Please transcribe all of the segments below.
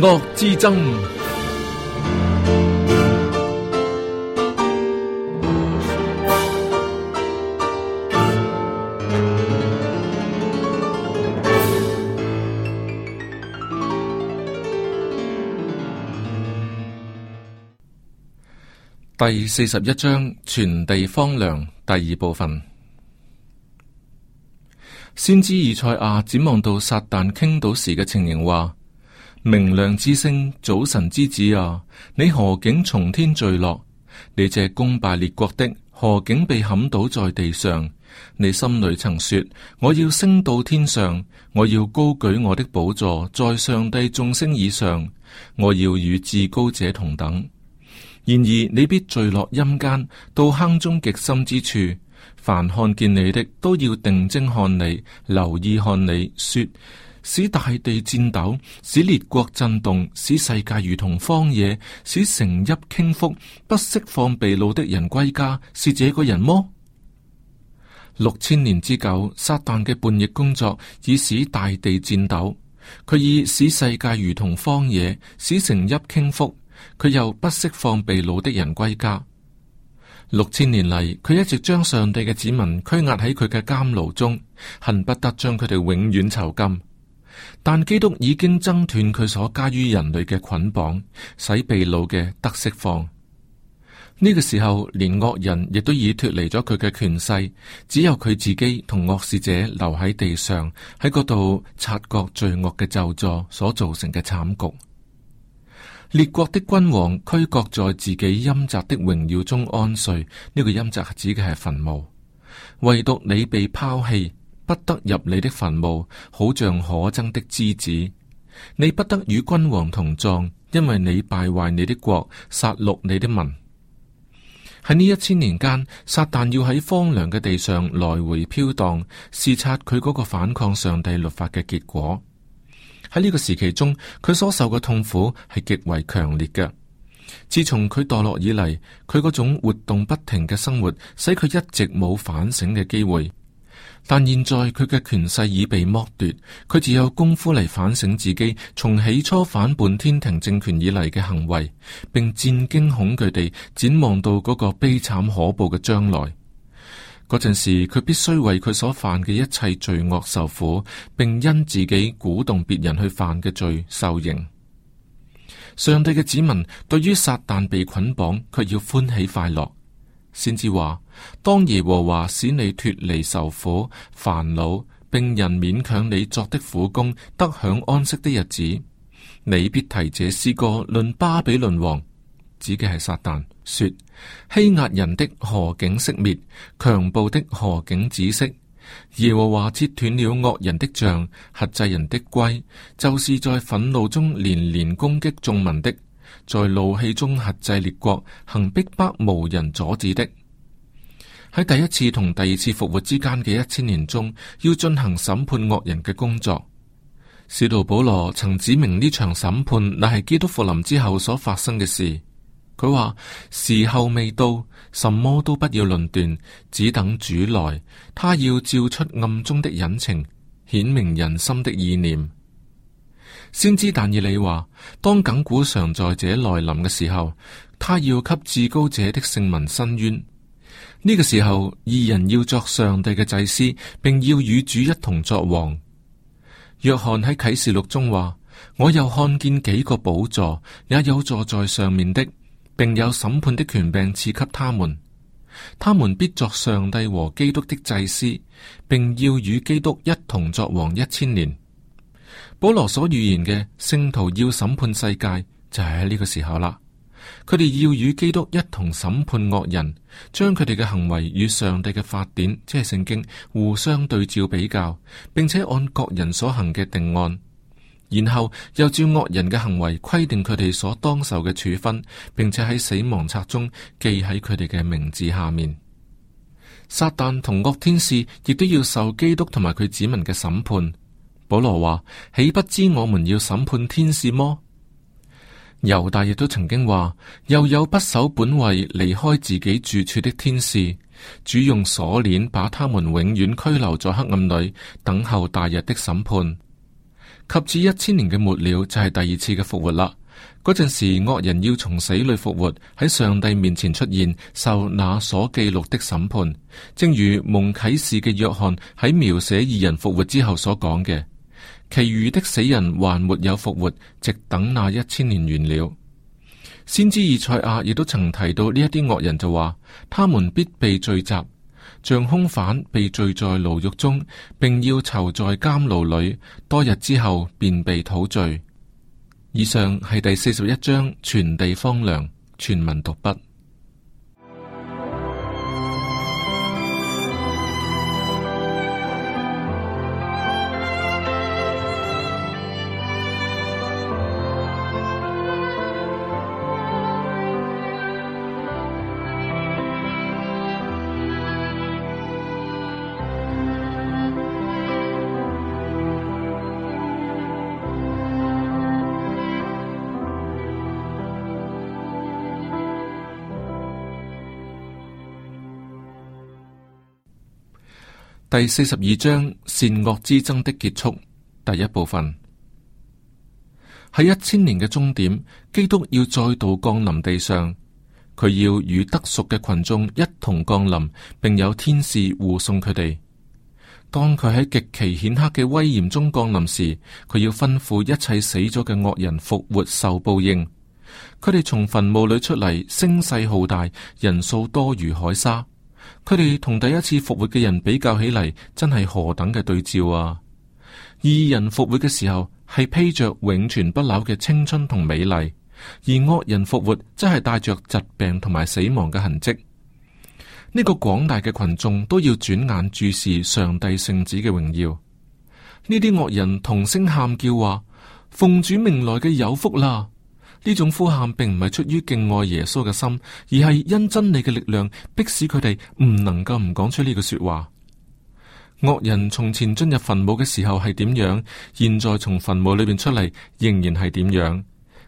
惡之爭第四十一章：全地荒涼第二部分。先知以賽亞展望到撒旦傾倒時嘅情形，話。明亮之星，早晨之子啊！你何竟從天墜落？你這攻敗列國的，何竟被砍倒在地上？你心裏曾說：我要升到天上，我要高舉我的寶座，在上帝眾星以上，我要與至高者同等。然而你必墜落陰間，到坑中極深之處。凡看見你的，都要定睛看你，留意看你，說。使大地戰抖，使列國震動，使世界如同荒野，使城邑傾覆，不釋放被擄的人歸家，是這個人麼？六千年之久，撒旦嘅叛逆工作已使大地戰抖，佢已使世界如同荒野，使城邑傾覆，佢又不釋放被擄的人歸家。六千年嚟，佢一直將上帝嘅子民拘押喺佢嘅監牢中，恨不得將佢哋永遠囚禁。但基督已經掙斷佢所加於人類嘅捆綁，使被擄嘅得釋放。呢、這個時候，連惡人亦都已脫離咗佢嘅權勢，只有佢自己同惡使者留喺地上，喺嗰度察覺罪惡嘅咒詛所造成嘅慘局。列國的君王俱各在自己陰宅的榮耀中安睡，呢、這個陰宅指嘅係墳墓，唯獨你被拋棄，不得入你的墳墓，好像可憎的枝子。你不得與君王同葬，因為你敗壞你的國，殺戮你的民。喺呢一千年間，撒旦要喺荒涼嘅地上來回飄蕩，視察佢嗰個反抗上帝律法嘅結果。喺呢個時期中，佢所受嘅痛苦係極為強烈嘅。自從佢墮落以嚟，佢嗰種活動不停嘅生活，使佢一直冇反省嘅機會。但現在佢嘅權勢已被剝奪，佢只有功夫嚟反省自己從起初反叛天庭政權以嚟嘅行為，並戰驚恐懼地展望到嗰個悲慘可怖嘅將來。嗰陣時，佢必須為佢所犯嘅一切罪惡受苦，並因自己鼓動別人去犯嘅罪受刑。上帝嘅子民對於撒旦被捆綁，卻要歡喜快樂，先至話。當耶和華使你脱離愁苦、煩惱、並人，勉強你作的苦工，得享安息的日子，你必提這詩歌論巴比倫王，指嘅係撒旦，說欺壓人的何竟息滅，強暴的何竟止息。耶和華折斷了惡人的杖，轄制人的圭，就是在憤怒中連連攻擊眾民的，在怒氣中轄制列國，行逼迫無人阻止的。喺第一次同第二次復活之間嘅一千年中，要進行審判惡人嘅工作。使徒保羅曾指明呢場審判，乃係基督復臨之後所發生嘅事。佢話時候未到，什麼都不要論斷，只等主來。他要照出暗中的隱情，顯明人心的意念，先知但以理話：當亙古常在者來臨嘅時候，他要給至高者的聖民申冤。呢個時候，二人要作上帝嘅祭司，並要與主一同作王。約翰喺啟示錄中話：我又看見幾個寶座，也有坐在上面的，並有審判的權柄賜給他們。他們必作上帝和基督的祭司，並要與基督一同作王一千年。保羅所預言嘅聖徒要審判世界，就係喺呢個時候啦。佢哋要與基督一同審判惡人，將佢哋嘅行為與上帝嘅法典，即係聖經，互相對照比較，並且按各人所行嘅定案，然後又照惡人嘅行為規定佢哋所當受嘅處分，並且喺死亡冊中記喺佢哋嘅名字下面。撒旦同惡天使亦都要受基督同埋佢子民嘅審判。保羅話：豈不知我們要審判天使麼？猶大亦都曾經話，又有不守本位離開自己住處的天使，主用鎖鏈把他們永遠拘留在黑暗裏，等候大日的審判。及至一千年嘅末了，就係、是、第二次嘅復活啦。嗰陣時惡人要從死裏復活，喺上帝面前出現，受那所記錄的審判。正如《蒙啟示嘅約翰》喺描寫二人復活之後所講嘅。其餘的死人還沒有復活，直等那一千年完了。先知以賽亞亦都曾提到呢一啲惡人就話，他們必被聚集，像凶犯被聚在牢獄中，並要囚在監牢裏，多日之後便被討罪。以上係第四十一章全地荒涼，全文讀畢。第四十二章，善惡之爭的結束，第一部分。喺一千年嘅終點，基督要再度降臨地上，佢要與得贖嘅群眾一同降臨，並有天使護送佢哋。當佢喺極其顯赫嘅威嚴中降臨時，佢要吩咐一切死咗嘅惡人復活受報應，佢哋從墳墓裏出嚟，聲勢浩大，人數多如海沙。佢哋同第一次復活嘅人比較起嚟，真係何等嘅對照啊！義人復活嘅時候係披着永存不朽嘅青春同美麗，而惡人復活真係帶着疾病同埋死亡嘅痕跡。呢個廣大嘅群眾都要轉眼注視上帝聖子嘅榮耀。呢啲惡人同聲喊叫話：奉主命來嘅有福啦！呢種呼喊並唔係出於敬愛耶穌嘅心，而係因真理嘅力量迫使佢哋唔能夠唔講出呢句說話。惡人從前進入墳墓嘅時候係點樣，現在從墳墓裏邊出嚟，仍然係點樣。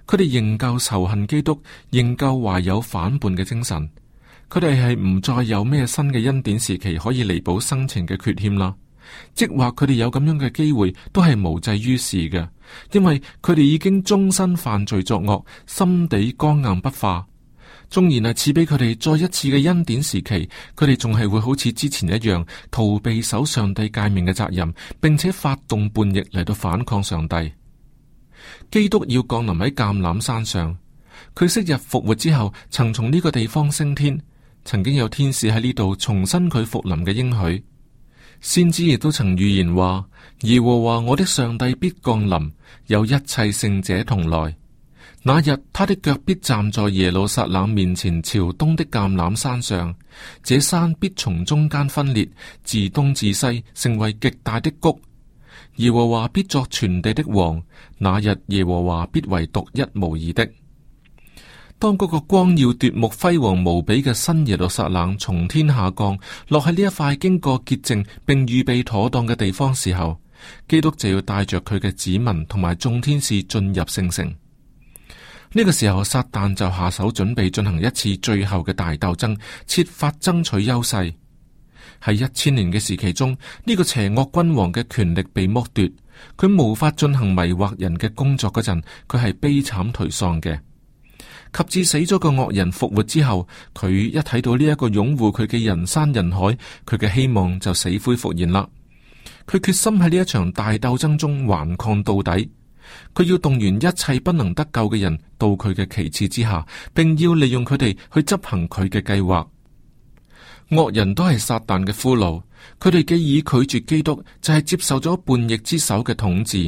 佢哋仍舊仇恨基督，仍舊懷有反叛嘅精神。佢哋係唔再有咩新嘅恩典時期可以彌補生情嘅缺欠啦。即話佢哋有咁樣嘅機會，都係無濟於事嘅，因為佢哋已經終身犯罪作惡，心底剛硬不化。縱然係賜俾佢哋再一次嘅恩典時期，佢哋仲係會好似之前一樣，逃避守上帝誡命嘅責任，並且發動叛逆嚟到反抗上帝。基督要降臨喺橄欖山上，佢昔日復活之後，曾從呢個地方升天，曾經有天使喺呢度重申佢復臨嘅應許。先知亦都曾預言話：耶和華我的上帝必降臨，有一切聖者同來。那日他的腳必站在耶路撒冷面前，朝東的橄欖山上，這山必從中間分裂，自東自西成為極大的谷。耶和華必作全地的王，那日耶和華必為獨一無二的。當嗰個光耀奪目、輝煌無比嘅新耶路撒冷從天下降，落喺呢一塊經過潔淨並預備妥當嘅地方時候，基督就要帶着佢嘅子民同埋眾天使進入聖城。呢個時候，撒旦就下手準備進行一次最後嘅大鬥爭，設法爭取優勢。喺一千年嘅時期中，呢個邪惡君王嘅權力被剝奪，佢無法進行迷惑人嘅工作嗰陣，佢係悲慘頹喪嘅。及至死咗個惡人復活之後，佢一睇到呢一個擁護佢嘅人山人海，佢嘅希望就死灰復燃啦。佢決心喺呢一場大鬥爭中頑抗到底。佢要動員一切不能得救嘅人到佢嘅旗幟之下，並要利用佢哋去執行佢嘅計劃。惡人都係撒旦嘅俘虜，佢哋既已拒絕基督，就係接受咗叛逆之手嘅統治。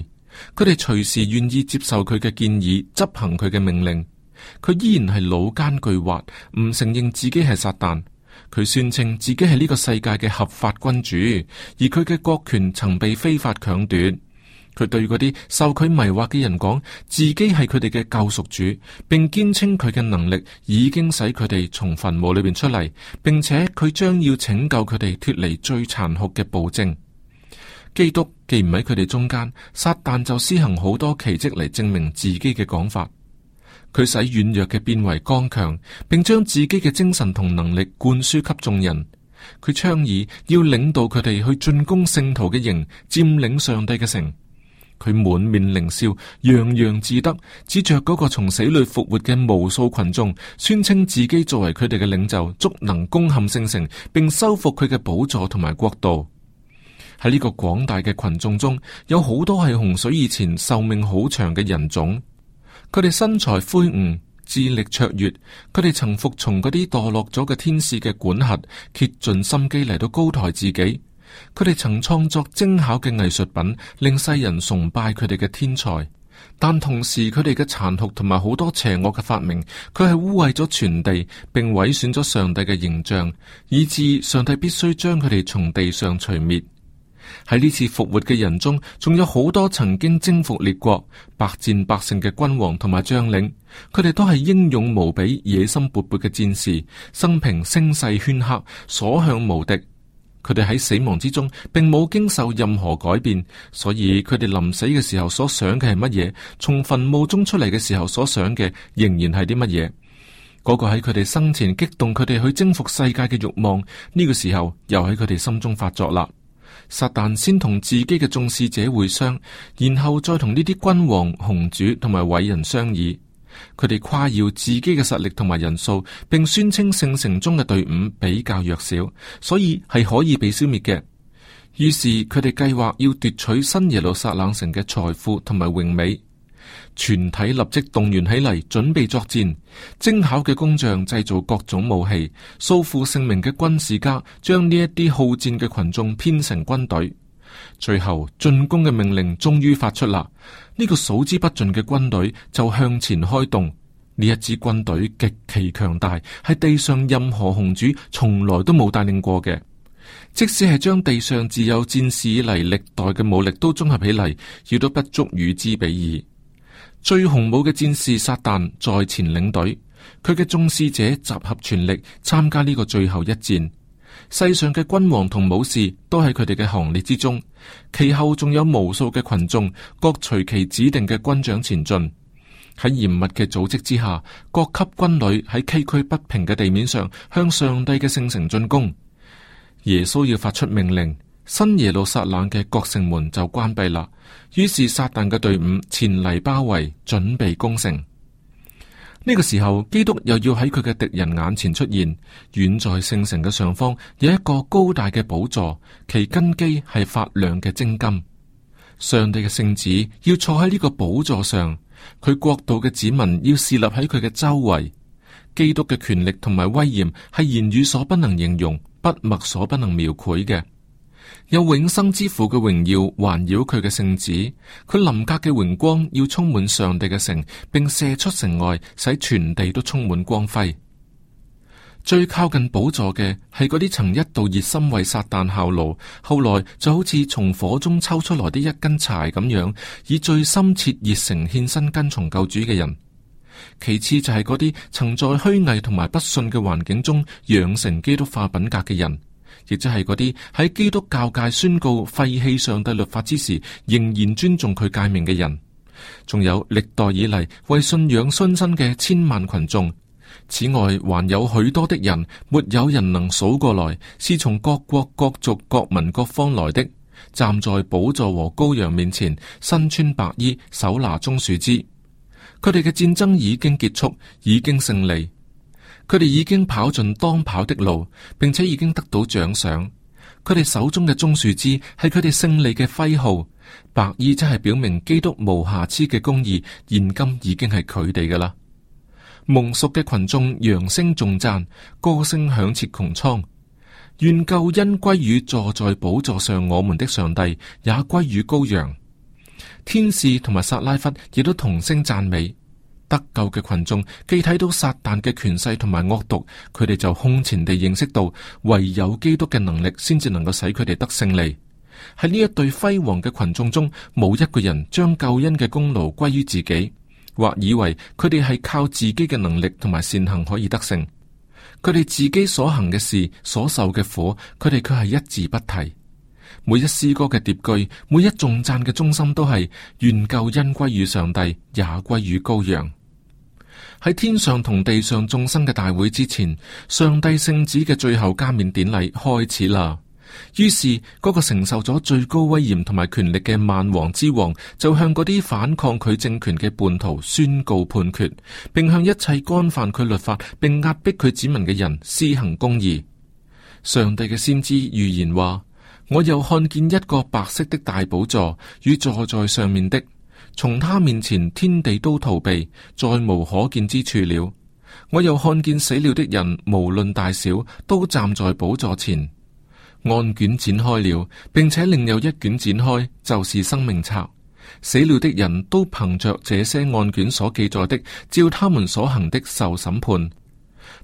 佢哋隨時願意接受佢嘅建議，執行佢嘅命令。佢依然係老奸巨猾，唔承認自己係撒旦。佢宣稱自己係呢個世界嘅合法君主，而佢嘅國權曾被非法強奪。佢對嗰啲受佢迷惑嘅人講，自己係佢哋嘅救贖主，並堅稱佢嘅能力已經使佢哋從墳墓裏邊出嚟，並且佢將要拯救佢哋脫離最殘酷嘅暴政。基督既唔喺佢哋中間，撒旦就施行好多奇蹟嚟證明自己嘅講法。佢使軟弱嘅變為剛強，並將自己嘅精神同能力灌輸給眾人。佢倡議要領導佢哋去進攻聖徒嘅營，佔領上帝嘅城。佢滿面獰笑，洋洋自得，指着嗰個從死裏復活嘅無數群眾，宣稱自己作為佢哋嘅領袖，足能攻陷聖城，並收復佢嘅寶座同埋國度。喺呢個廣大嘅群眾中，有好多係洪水以前壽命好長嘅人種。佢哋身材魁梧，智力卓越。佢哋曾服從嗰啲墮落咗嘅天使嘅管轄，竭盡心機嚟到高抬自己。佢哋曾創作精巧嘅藝術品，令世人崇拜佢哋嘅天才。但同時，佢哋嘅殘酷同埋好多邪惡嘅發明，佢係污穢咗全地，並毀損咗上帝嘅形象，以致上帝必須將佢哋從地上除滅。喺呢次復活嘅人中，仲有好多曾經征服列國、百戰百勝嘅君王同埋將領，佢哋都係英勇無比、野心勃勃嘅戰士，生平聲勢煊赫，所向無敵。佢哋喺死亡之中，並冇經受任何改變，所以佢哋臨死嘅時候所想嘅係乜嘢，從墳墓中出嚟嘅時候所想嘅仍然係啲乜嘢。嗰個喺佢哋生前激動佢哋去征服世界嘅慾望，呢個時候又喺佢哋心中發作啦。撒但先同自己嘅眾使者會商，然後再同呢啲君王、雄主同埋偉人商議。佢哋誇耀自己嘅實力同埋人數，並宣稱聖城中嘅隊伍比較弱小，所以係可以被消滅嘅。於是佢哋計劃要奪取新耶路撒冷城嘅財富同埋榮美。全體立即動員起嚟，準備作戰。精巧嘅工匠製造各種武器，素負盛名嘅軍事家將呢一啲好戰嘅群眾編成軍隊。最後進攻嘅命令終於發出啦。呢、這個數之不盡嘅軍隊就向前開動。呢一支軍隊極其強大，係地上任何紅主從來都冇帶領過嘅。即使係將地上自有戰士以嚟歷代嘅武力都綜合起嚟，亦都不足與之比擬。最雄武嘅戰士撒旦在前領隊，佢嘅眾使者集合全力參加呢個最後一戰。世上嘅君王同武士都喺佢哋嘅行列之中，其後仲有無數嘅群眾，各隨其指定嘅軍長前進。喺嚴密嘅組織之下，各級軍隊喺崎嶇不平嘅地面上向上帝嘅聖城進攻。耶穌要發出命令。新耶路撒冷嘅各城門就關閉啦。於是撒旦嘅隊伍前嚟包圍，準備攻城。呢、這個時候，基督又要喺佢嘅敵人眼前出現。遠在聖城嘅上方有一個高大嘅寶座，其根基係發亮嘅精金。上帝嘅聖子要坐喺呢個寶座上，佢國度嘅子民要侍立喺佢嘅周圍。基督嘅權力同埋威嚴係言語所不能形容，筆墨所不能描繪嘅。有永生之父嘅榮耀環繞佢嘅聖子，佢臨格嘅榮光要充滿上帝嘅城，並射出城外，使全地都充滿光輝。最靠近寶座嘅係嗰啲曾一度熱心為撒旦效勞，後來就好似從火中抽出來的一根柴咁樣，以最深切熱誠獻身跟從救主嘅人。其次就係嗰啲曾在虛偽同埋不信嘅環境中養成基督化品格嘅人。亦即係嗰啲喺基督教界宣告廢棄上帝律法之時，仍然尊重佢誡命嘅人，仲有歷代以嚟為信仰殉身嘅千萬群眾。此外，還有許多的人，沒有人能數過來，是從各國各族各民各方來的，站在寶座和羔羊面前，身穿白衣，手拿棕樹枝。佢哋嘅戰爭已經結束，已經勝利。佢哋已經跑盡當跑的路，並且已經得到獎賞。佢哋手中嘅棕樹枝係佢哋勝利嘅徽號。白衣真係表明基督無瑕疵嘅公義，現今已經係佢哋噶啦。蒙贖嘅群眾揚聲頌讚，歌聲響徹穹蒼。願救恩歸於坐在寶座上我們的上帝，也歸於羔羊。天使同埋撒拉弗亦都同聲讚美。得救嘅群眾既睇到撒旦嘅權勢同埋惡毒，佢哋就空前地認識到唯有基督嘅能力，先至能夠使佢哋得勝利。喺呢一隊輝煌嘅群眾中，冇一個人將救恩嘅功勞歸於自己，或以為佢哋係靠自己嘅能力同埋善行可以得勝。佢哋自己所行嘅事，所受嘅苦，佢哋卻係一字不提。每一詩歌嘅疊句，每一頌讚嘅中心都，都係願救恩歸於上帝，也歸於羔羊。喺天上同地上眾生嘅大會之前，上帝聖子嘅最後加冕典禮開始啦。於是嗰個承受咗最高威嚴同埋權力嘅萬王之王，就向嗰啲反抗佢政權嘅叛徒宣告判決，并向一切干犯佢律法并壓迫佢子民嘅人施行公義。上帝嘅先知預言話：我又看見一個白色的大寶座與坐在上面的。從他面前，天地都逃避，再無可見之處了。我又看見死了的人，無論大小，都站在寶座前。案卷展開了，並且另有一卷展開，就是生命冊。死了的人都憑着這些案卷所記載的，照他們所行的受審判。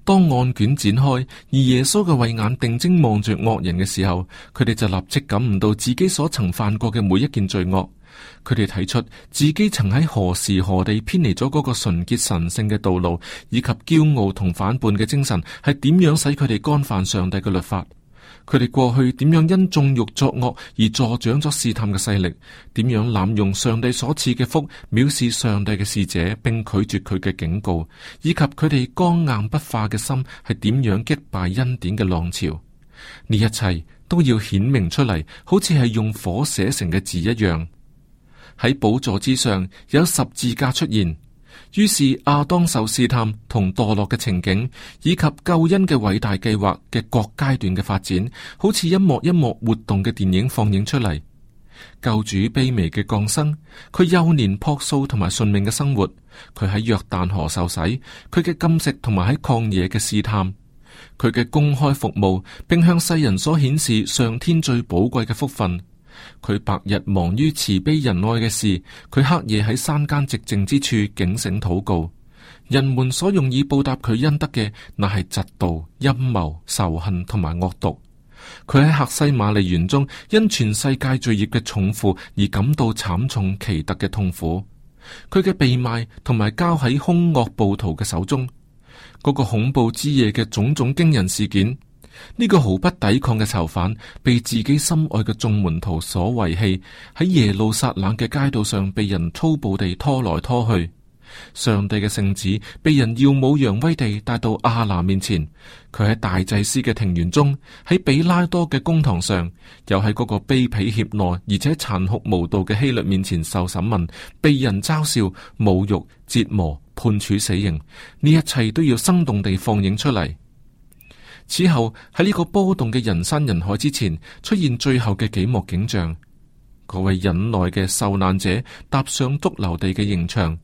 當案卷展開，而耶穌嘅慧眼定睛望住惡人嘅時候，佢哋就立即感悟到自己所曾犯過嘅每一件罪惡。佢哋睇出自己曾喺何時何地偏離咗嗰個純潔神聖嘅道路，以及驕傲同反叛嘅精神係點樣使佢哋干犯上帝嘅律法。佢哋過去點樣因縱欲作惡而助長咗試探嘅勢力？點樣濫用上帝所賜嘅福，藐視上帝嘅使者，並拒絕佢嘅警告？以及佢哋剛硬不化嘅心係點樣擊敗恩典嘅浪潮？呢一切都要顯明出嚟，好似係用火寫成嘅字一樣。喺寶座之上有十字架出現，於是亞當受試探同墮落嘅情景，以及救恩嘅偉大計劃嘅各階段嘅發展，好似一幕一幕活動嘅電影放映出嚟。救主卑微嘅降生，佢幼年樸素同埋順命嘅生活，佢喺約旦河受洗，佢嘅禁食同埋喺曠野嘅試探，佢嘅公開服務，並向世人所顯示上天最寶貴嘅福分。佢白日忙於慈悲仁愛嘅事，佢黑夜喺山間寂靜之處警醒禱告。人們所用以報答佢恩德嘅，乃係嫉妒、陰謀、仇恨同埋惡毒。佢喺客西瑪麗園中，因全世界罪孽嘅重負而感到慘重奇特嘅痛苦。佢嘅被賣同埋交喺凶惡暴徒嘅手中，嗰、那個恐怖之夜嘅種種驚人事件。呢個毫不抵抗嘅囚犯，被自己心愛嘅眾門徒所遺棄，喺耶路撒冷嘅街道上，被人粗暴地拖來拖去。上帝嘅聖子，被人耀武揚威地帶到亞拿面前。佢喺大祭司嘅庭園中，喺比拉多嘅公堂上，又喺嗰個卑鄙怯懦而且殘酷無道嘅希律面前受審問，被人嘲笑、侮辱、折磨、判處死刑。呢一切都要生動地放映出嚟。此後喺呢個波動嘅人山人海之前，出現最後嘅幾幕景象。嗰位忍耐嘅受難者踏上髑髏地嘅刑場，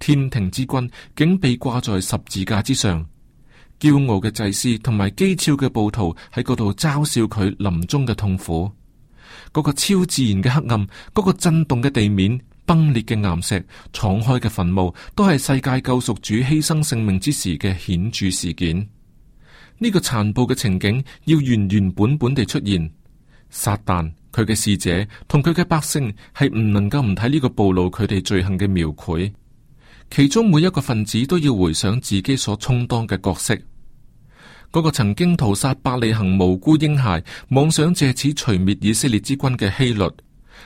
天庭之君竟被掛在十字架之上。驕傲嘅祭司同埋譏誚嘅暴徒喺嗰度嘲笑佢臨終嘅痛苦。嗰個超自然嘅黑暗，嗰個震動嘅地面，崩裂嘅岩石，敞開嘅墳墓，都係世界救贖主犧牲性命之時嘅顯著事件。呢個殘暴嘅情景要原原本本地出現。撒旦佢嘅使者同佢嘅百姓係唔能夠唔睇呢個暴露佢哋罪行嘅描繪，其中每一個分子都要回想自己所充當嘅角色。嗰、那個曾經屠殺伯利恆無辜嬰孩，妄想借此除滅以色列之君嘅希律，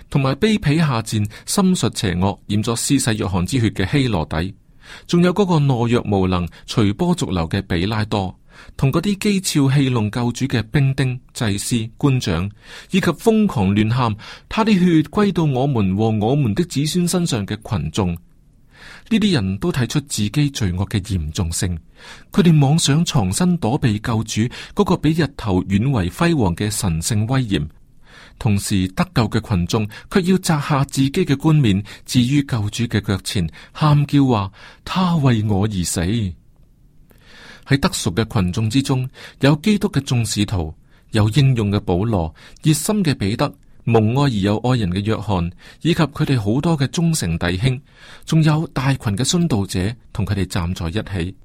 同埋卑鄙下賤、心術邪惡、染咗施洗約翰之血嘅希羅底，仲有嗰個懦弱無能、隨波逐流嘅比拉多。同嗰啲譏誚戲弄救主嘅兵丁、祭司、官長，以及瘋狂亂喊，他的血歸到我們和我們的子孫身上嘅群眾，呢啲人都睇出自己罪惡嘅嚴重性，佢哋妄想藏身躲避救主嗰個比日頭遠為輝煌嘅神聖威嚴，同時得救嘅群眾卻要摘下自己嘅冠冕，置於救主嘅腳前，喊叫話：他為我而死。喺得贖嘅群眾之中，有基督嘅眾使徒，有英勇嘅保羅，熱心嘅彼得，蒙愛而有愛人嘅約翰，以及佢哋好多嘅忠誠弟兄，仲有大群嘅殉道者同佢哋站在一起。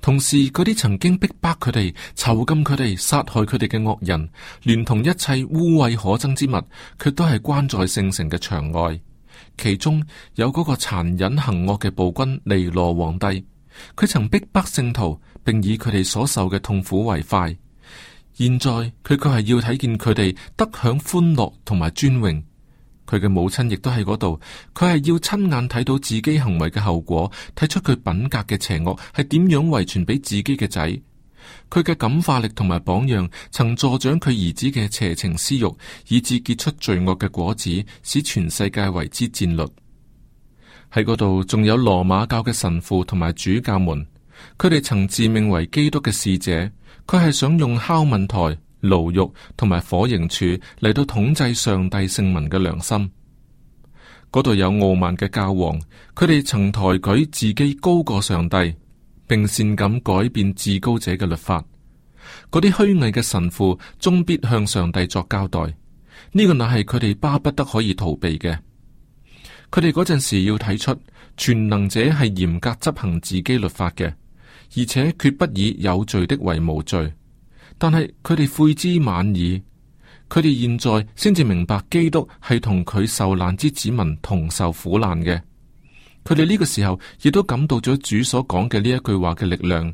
同時，嗰啲曾經逼迫佢哋、囚禁佢哋、殺害佢哋嘅惡人，連同一切污穢可憎之物，卻都係關在聖城嘅牆外。其中有嗰個殘忍行惡嘅暴君尼羅皇帝，佢曾逼迫聖徒。並以佢哋所受嘅痛苦為快。現在佢卻係要睇見佢哋得享歡樂同埋尊榮。佢嘅母親亦都喺嗰度，佢係要親眼睇到自己行為嘅後果，睇出佢品格嘅邪惡係點樣遺傳俾自己嘅仔。佢嘅感化力同埋榜樣，曾助長佢兒子嘅邪情私欲，以致結出罪惡嘅果子，使全世界為之戰慄。喺嗰度仲有羅馬教嘅神父同埋主教們。佢哋曾自命為基督嘅使者，佢係想用拷問台、牢獄同埋火刑柱嚟到統制上帝聖民嘅良心。嗰度有傲慢嘅教皇，佢哋曾抬舉自己高過上帝，並擅敢改變至高者嘅律法。嗰啲虛偽嘅神父終必向上帝作交代。呢個乃係佢哋巴不得可以逃避嘅。佢哋嗰陣時要睇出全能者係嚴格執行自己律法嘅。而且決不以有罪的為無罪，但係佢哋悔之晚矣。佢哋現在先至明白，基督係同佢受難之子民同受苦難嘅。佢哋呢個時候亦都感到咗主所講嘅呢一句話嘅力量。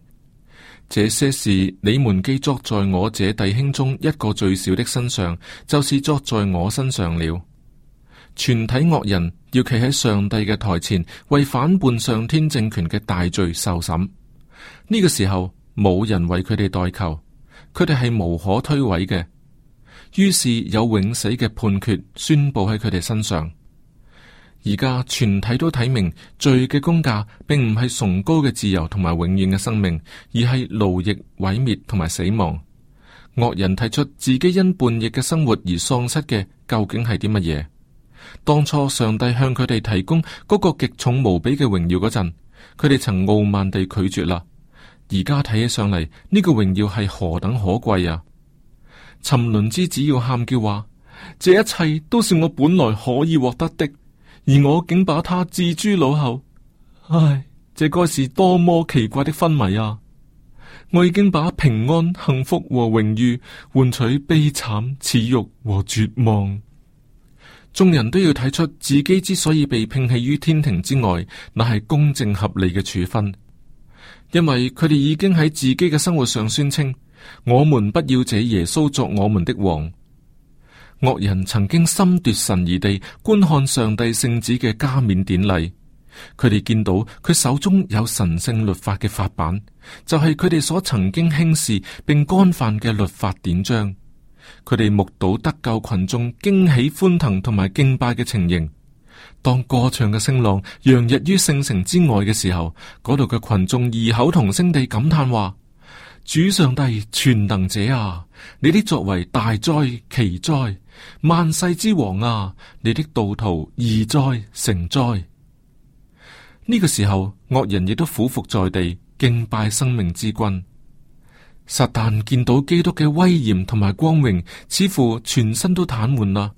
這些事你們既作在我這弟兄中一個最小的身上，就是作在我身上了。全體惡人要企喺上帝嘅台前，為反叛上天政權嘅大罪受審。呢個時候冇人為佢哋代求，佢哋係無可推諉嘅。於是有永死嘅判決宣布喺佢哋身上。而家全體都睇明罪嘅工價，並唔係崇高嘅自由同埋永遠嘅生命，而係奴役、毀滅同埋死亡。惡人提出自己因叛逆嘅生活而喪失嘅，究竟係啲乜嘢？當初上帝向佢哋提供嗰個極重無比嘅榮耀嗰陣，佢哋曾傲慢地拒絕啦。而家睇起上嚟，呢個榮耀係何等可貴啊！沉淪之子要喊叫話，這一切都是我本來可以獲得的，而我竟把它置諸腦後。唉，這該是多麼奇怪的昏迷啊！我已經把平安、幸福和榮譽換取悲慘、恥辱和絕望。眾人都要睇出自己之所以被摒棄於天庭之外，那係公正合理嘅處分。因為佢哋已經喺自己嘅生活上宣稱，我們不要這耶穌作我們的王。惡人曾經心奪神移地觀看上帝聖子嘅加冕典禮，佢哋見到佢手中有神聖律法嘅法版，就係佢哋所曾經輕視並干犯嘅律法典章。佢哋目睹得救群眾驚喜歡騰同埋敬拜嘅情形。當歌唱嘅聲浪揚溢於聖城之外嘅時候，嗰度嘅群眾異口同聲地感嘆話：主上帝全能者啊，你的作為大哉奇哉，萬世之王啊，你的道途義哉誠哉。呢、這個時候，惡人亦都俯伏在地敬拜生命之君。撒但見到基督嘅威嚴同埋光榮，似乎全身都癱瘓啦。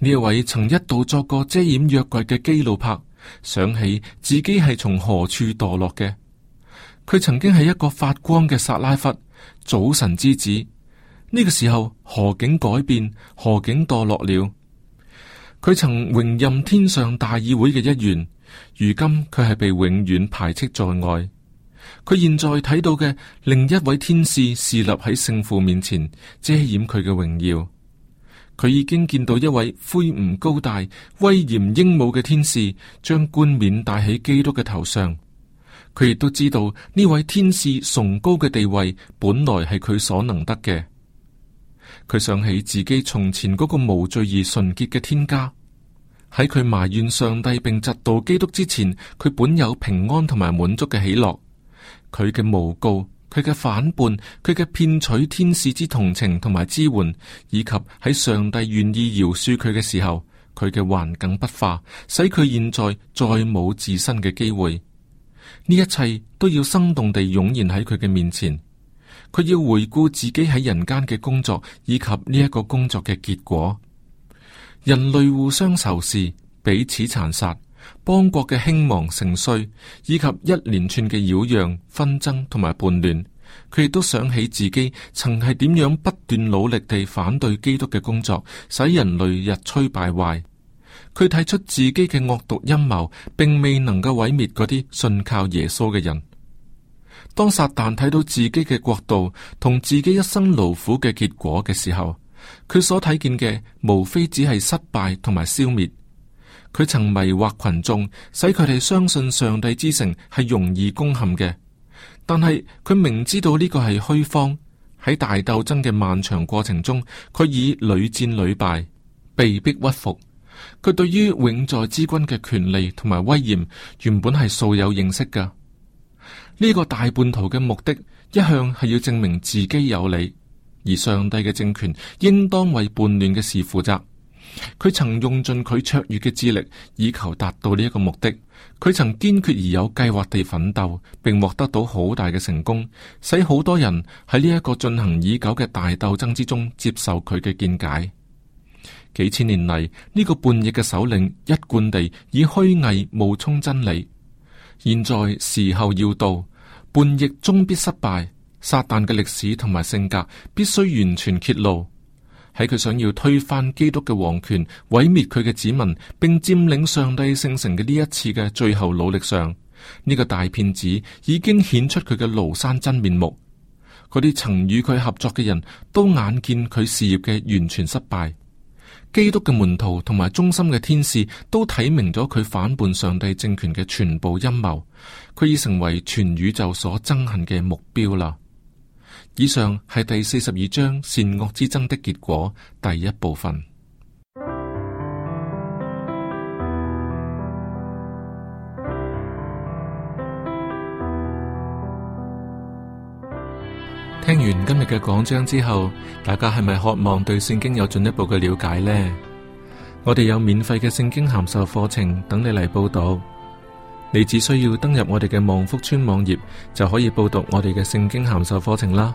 呢位曾一度作過遮掩約櫃嘅基路柏，想起自己係從何處墮落嘅。佢曾經係一個發光嘅撒拉弗，早晨之子。呢、這個時候，何竟改變，何竟墮落了。佢曾榮任天上大議會嘅一員，如今佢係被永遠排斥在外。佢現在睇到嘅另一位天使，侍立喺聖父面前，遮掩佢嘅榮耀。佢已經見到一位魁梧高大、威嚴英武嘅天使，將冠冕戴喺基督嘅頭上。佢亦都知道呢位天使崇高嘅地位，本來係佢所能得嘅。佢想起自己從前嗰個無罪而純潔嘅天家，喺佢埋怨上帝並嫉妒基督之前，佢本有平安同埋滿足嘅喜樂。佢嘅無告。佢嘅反叛，佢嘅騙取天使之同情同埋支援，以及喺上帝願意饒恕佢嘅時候，佢嘅頑梗不化，使佢現在再冇自身嘅機會。呢一切都要生動地湧現喺佢嘅面前。佢要回顧自己喺人間嘅工作，以及呢一個工作嘅結果。人類互相仇視，彼此殘殺。邦國嘅興亡盛衰，以及一連串嘅擾攘紛爭同埋叛亂，佢亦都想起自己曾係點樣不斷努力地反對基督嘅工作，使人類日趨敗壞。佢睇出自己嘅惡毒陰謀，並未能夠毀滅嗰啲信靠耶穌嘅人。當撒旦睇到自己嘅國度同自己一生勞苦嘅結果嘅時候，佢所睇見嘅，無非只係失敗同埋消滅。佢曾迷惑群眾，使佢哋相信上帝之城係容易攻陷嘅。但係佢明知道呢個係虛妄，喺大鬥爭嘅漫長過程中，佢已屢戰屢敗，被逼屈服。佢對於永在之君嘅權利同埋威嚴，原本係素有認識噶。呢個大叛徒嘅目的，一向係要證明自己有理，而上帝嘅政權應當為叛亂嘅事負責。佢曾用盡佢卓越嘅智力，以求達到呢一個目的。佢曾堅決而有計劃地奮鬥，並獲得到好大嘅成功，使好多人喺呢一個進行已久嘅大鬥爭之中接受佢嘅見解。幾千年嚟，呢個叛逆嘅首領一貫地以虛偽冒充真理。現在時候要到，叛逆終必失敗。撒旦嘅歷史同埋性格必須完全揭露。喺佢想要推翻基督嘅王權、毀滅佢嘅子民，並佔領上帝聖城嘅呢一次嘅最後努力上，呢個大騙子已經顯出佢嘅廬山真面目。嗰啲曾與佢合作嘅人都眼見佢事業嘅完全失敗。基督嘅門徒同埋忠心嘅天使都睇明咗佢反叛上帝政權嘅全部陰謀。佢已成為全宇宙所憎恨嘅目標啦。以上係第四十二章善惡之爭的結果第一部分。聽完今日嘅講章之後，大家係咪渴望對聖經有進一步嘅了解呢？我哋有免費嘅聖經函授課程等你嚟報讀。你只需要登入我哋嘅望福村網頁，就可以報讀我哋嘅聖經函授課程啦。